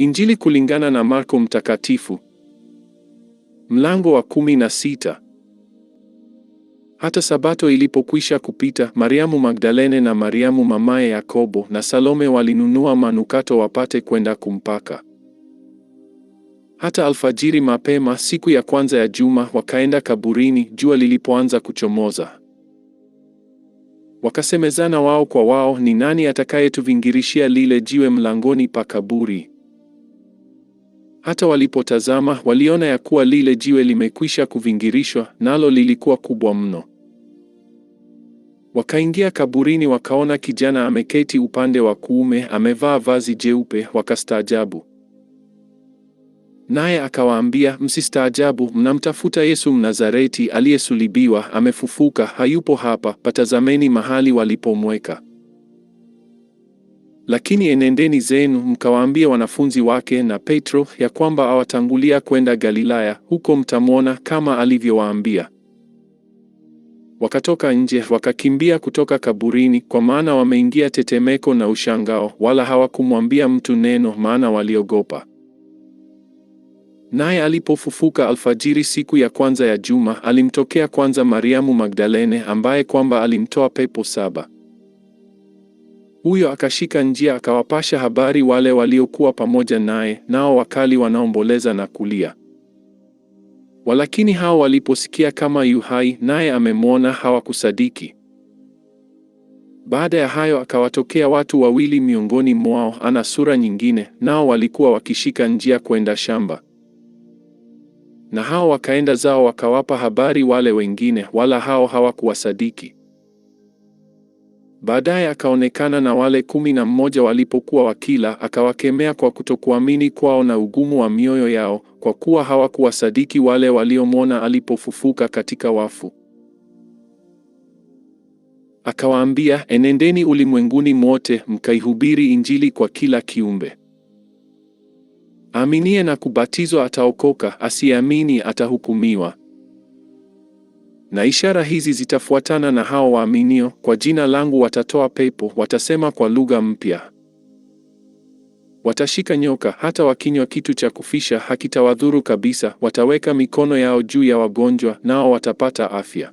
Injili kulingana na Marko Mtakatifu, mlango wa kumi na sita. Hata Sabato ilipokwisha kupita, Mariamu Magdalene na Mariamu mamaye Yakobo na Salome walinunua manukato wapate kwenda kumpaka. Hata alfajiri mapema siku ya kwanza ya juma wakaenda kaburini jua lilipoanza kuchomoza. Wakasemezana wao kwa wao, ni nani atakayetuvingirishia lile jiwe mlangoni pa kaburi? Hata walipotazama waliona ya kuwa lile jiwe limekwisha kuvingirishwa, nalo lilikuwa kubwa mno. Wakaingia kaburini, wakaona kijana ameketi upande wa kuume, amevaa vazi jeupe, wakastaajabu. Naye akawaambia, msistaajabu. Mnamtafuta Yesu Mnazareti aliyesulibiwa; amefufuka, hayupo hapa. Patazameni mahali walipomweka. Lakini enendeni zenu mkawaambie wanafunzi wake na Petro ya kwamba awatangulia kwenda Galilaya, huko mtamwona kama alivyowaambia. Wakatoka nje wakakimbia kutoka kaburini, kwa maana wameingia tetemeko na ushangao, wala hawakumwambia mtu neno, maana waliogopa. Naye alipofufuka alfajiri siku ya kwanza ya juma, alimtokea kwanza Mariamu Magdalene, ambaye kwamba alimtoa pepo saba. Huyo akashika njia akawapasha habari wale waliokuwa pamoja naye, nao wakali wanaomboleza na kulia. Walakini hao waliposikia kama yu hai naye amemwona, hawakusadiki. Baada ya hayo akawatokea watu wawili miongoni mwao, ana sura nyingine, nao walikuwa wakishika njia kwenda shamba. Na hao wakaenda zao wakawapa habari wale wengine, wala hao hawakuwasadiki. Baadaye akaonekana na wale kumi na mmoja walipokuwa wakila, akawakemea kwa kutokuamini kwao na ugumu wa mioyo yao, kwa kuwa hawakuwasadiki wale waliomwona alipofufuka katika wafu. Akawaambia, enendeni ulimwenguni mwote, mkaihubiri Injili kwa kila kiumbe. Aminie na kubatizwa ataokoka, asiamini atahukumiwa. Na ishara hizi zitafuatana na hao waaminio, kwa jina langu watatoa pepo, watasema kwa lugha mpya, watashika nyoka, hata wakinywa kitu cha kufisha hakitawadhuru kabisa, wataweka mikono yao juu ya wagonjwa, nao watapata afya.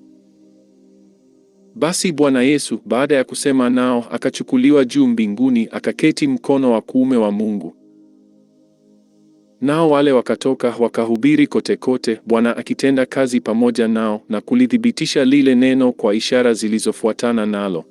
Basi Bwana Yesu baada ya kusema nao, akachukuliwa juu mbinguni, akaketi mkono wa kuume wa Mungu. Nao wale wakatoka wakahubiri kote kote, Bwana akitenda kazi pamoja nao na kulithibitisha lile neno kwa ishara zilizofuatana nalo.